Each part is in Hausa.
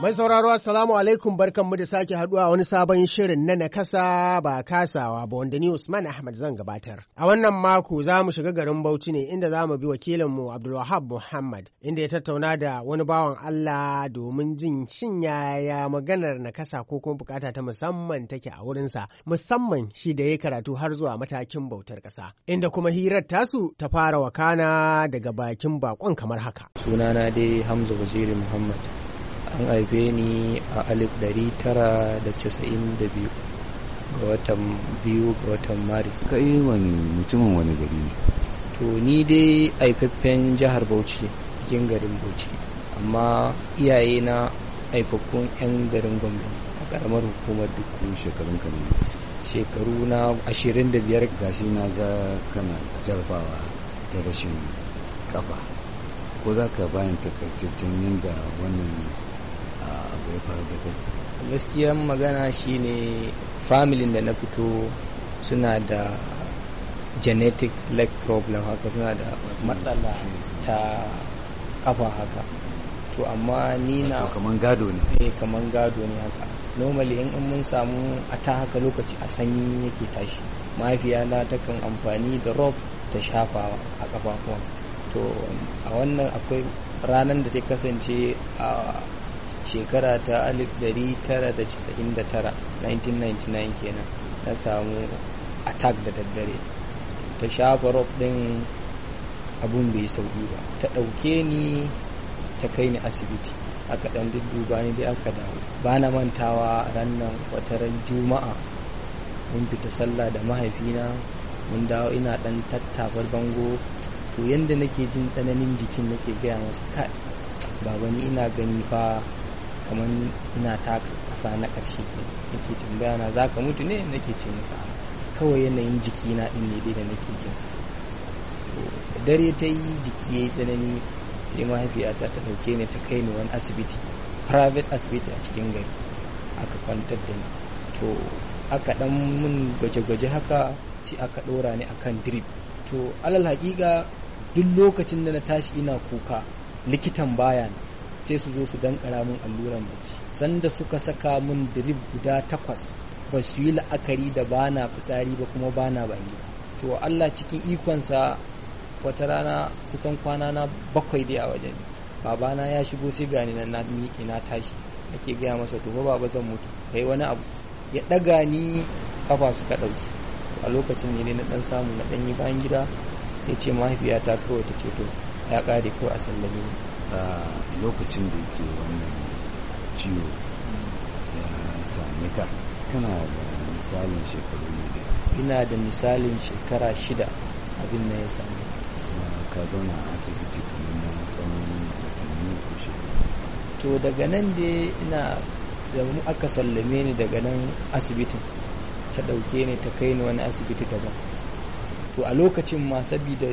Mai sauraro Assalamu alaikum barkanmu da sake haduwa wani sabon shirin na nakasa ba kasawa ba wanda ni Usman Ahmad zan gabatar. A wannan mako za mu shiga garin Bauchi ne inda za mu bi wakilinmu Abdulwahab Muhammad inda ya tattauna da wani bawan Allah domin jin shin yaya maganar nakasa ko kuma bukata ta musamman take a wurinsa musamman shi da ya karatu har zuwa matakin bautar kasa inda kuma hirar tasu ta fara wakana daga bakin bakon kamar haka. Sunana dai Hamza Waziri Muhammad. an haife ni a 1992 ga watan biyu ga watan maris ka yi wani mutumin wani gari ne to ni dai haifaffen jihar bauchi cikin garin bauchi amma iyaye na haifaffun 'yan garin gombe a karamar hukumar duk shekarun ka ne shekaru na 25 gashi na ga kana jarfawa ta rashin kafa ko za ka bayan takaitaccen yadda wannan abu ya faru da kai gaskiyan magana shine familin da na fito suna da genetic leg problem haka suna da matsala ta kafa haka to amma ni na kaman gado ne eh kaman gado ne haka normally in mun samu a ta haka lokaci a sanyi yake tashi mafiya na takan amfani da rob ta shafa a kafafuwan to a wannan akwai ranar da ta kasance a shekara ta 1999 1999 kenan na samu attack da daddare ta shafa rob din abun bai sauki ba ta dauke ni ta kai ni asibiti aka ɗan dudduba ni dai aka dawo ba na mantawa ranar wataran juma'a mun fita sallah da mahaifina mun dawo ina dan tattabar bango to yanda nake jin tsananin jikin nake gaya masu kai ba ni ina gani fa kamar ina taka ƙasa na ƙarshe ke nake tambaya na za ka mutu ne nake ce masa kawai yanayin jiki na ɗin ne dai da nake jin sa to dare ta yi jiki ya yi tsanani sai mahaifiyata ta ɗauke ni ta kai ni wani asibiti private asibiti a cikin gari aka kwantar da ni to aka ɗan mun gwaje-gwaje haka sai aka ɗora ni akan drip to alal haƙiƙa duk lokacin da na tashi ina kuka likitan baya sai su zo su dankara min alluran bacci sanda suka saka mun drip guda takwas ba su yi la'akari da ba na fitsari ba kuma ba na bangi to Allah cikin ikonsa wata rana kusan kwana na bakwai dai a wajen babana ya shigo sai gani na na miƙe na tashi ake gaya masa to baba zan mutu kai wani abu ya ɗaga ni kafa suka ɗauki a lokacin ne na ɗan samu na ɗan yi bayan gida ya ce mahaifiyata kawai ta ce to ya ƙare ko a sallame a lokacin da yake wannan ciwo ya same ka kana da misalin shekaru ne ina da misalin shekara shida abin na ya same ka zauna a asibiti kamar na tsawon watanni ko shekaru to daga nan da ina da mu aka sallame ni daga nan asibitin ta ɗauke ne ta kai ni wani asibiti daban to a lokacin ma saboda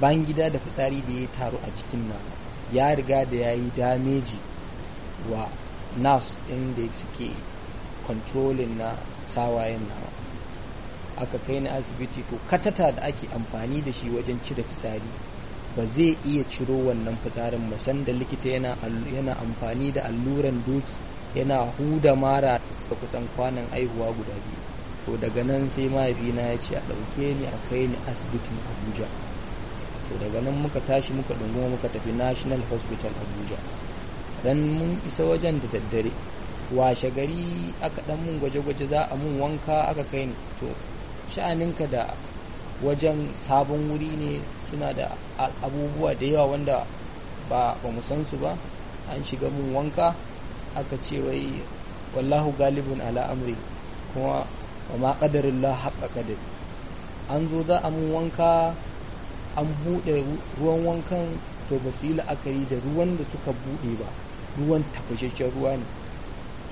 ban gida da fitsari da ya taru a cikin nan ya riga da ya yi dameji wa nafs ɗin da suke controlling na sawayen nawa aka kai na asibiti to katata da ake amfani da shi wajen cire fitsari ba zai iya ciro wannan fitsarin ba sanda likita yana amfani da alluran doki yana huda mara da kusan kwanan aihuwa guda biyu to daga nan sai mahaifina ya ce a ɗauke ni a kai ni asibitin abuja to daga nan muka tashi muka ɗunguma muka tafi national hospital abuja ran mun isa wajen da daddare washe gari aka ɗan mun gwaje-gwaje za a mun wanka aka kai ni to sha'aninka da wajen sabon wuri ne suna da abubuwa da yawa wanda ba mu san su ba an shiga mun wanka aka ce wai wallahu galibin ala kuma wa ma ƙadarin la haƙa qadir an zo za a mun wanka an buɗe ruwan wankan to ba su yi la'akari da ruwan da suka buɗe ba ruwan tafashashen ruwa ne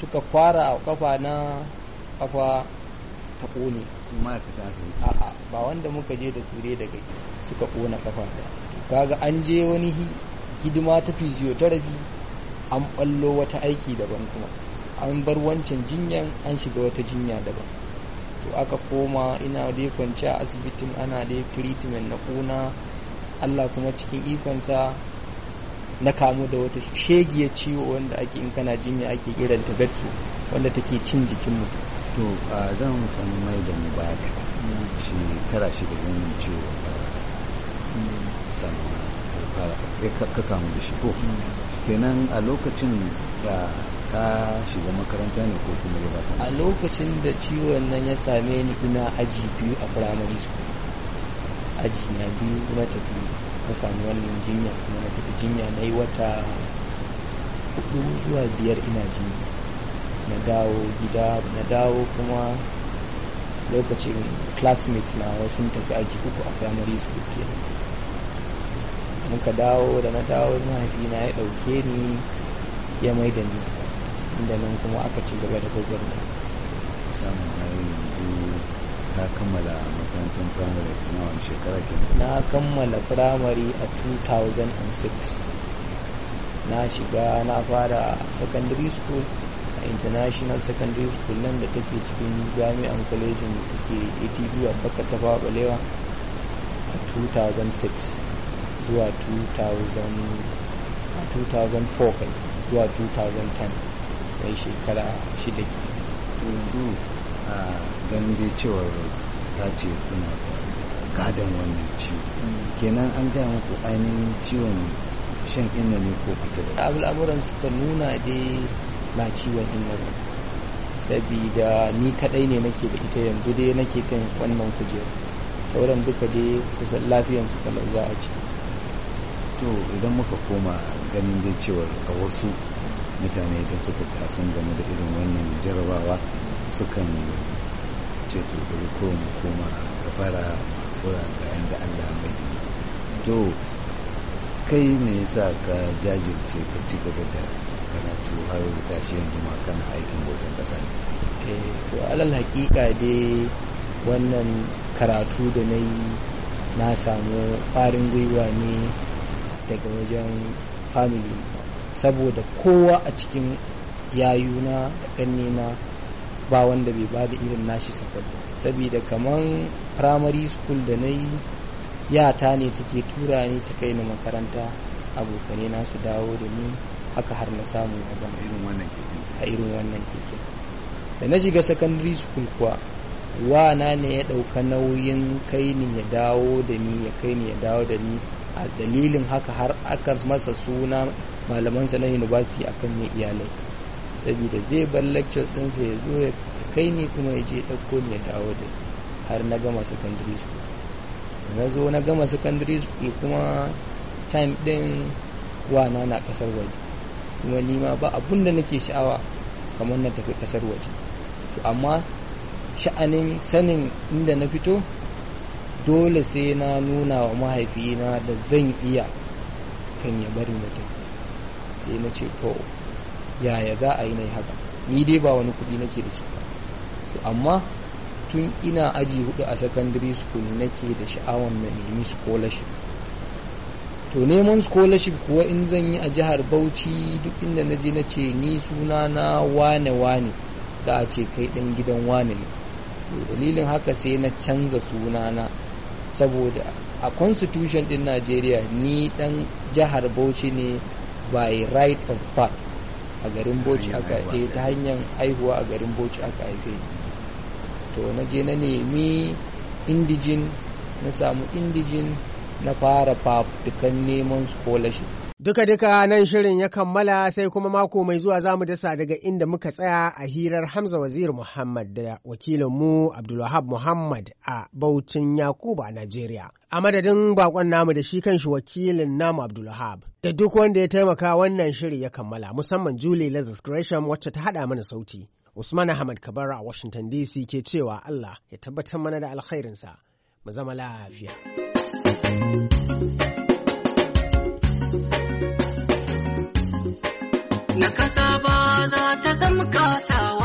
suka kwara a ƙafa na ƙafa ta ƙone a'a ba wanda muka je da ture daga suka ƙona ƙafa da kaga an je wani hidima ta physiotherapy an ɓallo wata aiki daban kuma an bar wancan jinyan an shiga wata jinya daban to aka koma ina dai kwanci a asibitin ana dai treatment na kuna allah kuma cikin ikonsa na kamu da wata shegiyar ciwo wanda ake in kana jini ake ta betsu wanda take cin jikin mu to a zan kan mai da mu mm. shi tara shi da wannan ciwo sannan ka kamu da shi ko mm. kenan a lokacin da ta shiga makaranta ne ko kuma gaba a lokacin da ciwon nan ya same ni ina aji biyu a firamare school aji na biyu na tafi na sami wannan jinya kuma na tafi jinya na yi wata hudu zuwa biyar ina jinya na dawo gida na dawo kuma lokacin classmates na wasu tafi aji uku a firamare school ke muka dawo da na dawo mahaifina ya ɗauke ni ya maida ni inda nan kuma aka ci gaba da gwagwarmaya samun yanzu ta kammala makarantar firamare na wani shekara ke na kammala firamare a 2006 na shiga na fara secondary school a international secondary school nan da take cikin jami'an kwalejin da take atb a baka ta balewa a 2006 zuwa 2004 zuwa 2010 ya shekara shida ke a ganin cewa cewar ta ce kuna da gadon wannan ciwo mm. kenan an gaya muku ainihin ciwon shan inna ne ko fita da al'amuran suka nuna dai na ciwon inna ba sabida ni kadai ne nake da ita yanzu dai nake kan wannan kujeru sauran duka dai kusan lafiyan su kalau za a ce to idan muka koma ganin dai cewar a wasu mutane idan suka kasan game da irin wannan jarabawa sukan ce to bari ko mu koma ga fara makura ga yanda Allah mai to kai me yasa ka jajirce ka ci gaba da karatu har shi yanzu ma kana aikin bautan kasa ne eh, to alal hakika dai wannan karatu da na yi na samu farin gwiwa ne daga wajen family saboda kowa a cikin yayuna da na ba wanda bai ba irin nashi safar saboda kamar primary school da na yi yata ne take tura ni ta kai ni makaranta abokane na su dawo da ni haka har na samu a irin wannan keke da na shiga secondary school kuwa na ne ya ɗauka nauyin kai ni ya dawo da ni ya kai ni ya dawo da ni a dalilin haka har aka masa suna malamansa na university kan mai iyalai saboda zai bar lectures ɗinsa ya zo ya kai ni kuma ya je ɗauko ni ya dawo da har na gama secondary school na zo na gama secondary school kuma time ɗin wana na ƙasar waje kuma ni ma ba abun da nake sha'awa kamar na tafi ƙasar waje to amma sha'anin sanin inda na fito dole sai na nuna wa mahaifina da zan iya kan ya bari mutum sai na ce to yaya za a yi na haka ni dai ba wani kuɗi nake da shi to amma tun ina aji hudu a secondary school nake da sha'awar na nemi scholarship to neman scholarship kuwa in zan yi a jihar bauchi duk inda na je na ce ni suna na wane wane za a ce kai ɗan gidan wane ne to dalilin haka sai na canza suna na saboda a constitution din najeriya ni ɗan jihar bauchi ne by right of birth a garin boci aka ta hanyar haihuwa a garin boci aka haife to na je na nemi indijin na samu indijin na fara fafutukan neman scholarship Duka-duka nan shirin ya kammala sai kuma mako mai zuwa za mu dasa daga inda muka tsaya a hirar Hamza Wazir Muhammad da wakilinmu Abdulwahab Muhammad a Baucin Yakuba, Najeriya. A madadin bakon namu da shi kan shi wakilin namu Abdulwahab da duk wanda ya taimaka wannan shiri ya kammala musamman Julie Lazarus Gresham wacce ta haɗa mana sauti. Usman Ahmad Kabara a Washington DC ke cewa Allah ya tabbatar mana da alkhairinsa. Mu zama lafiya. na kasa ba za ta zama kasawa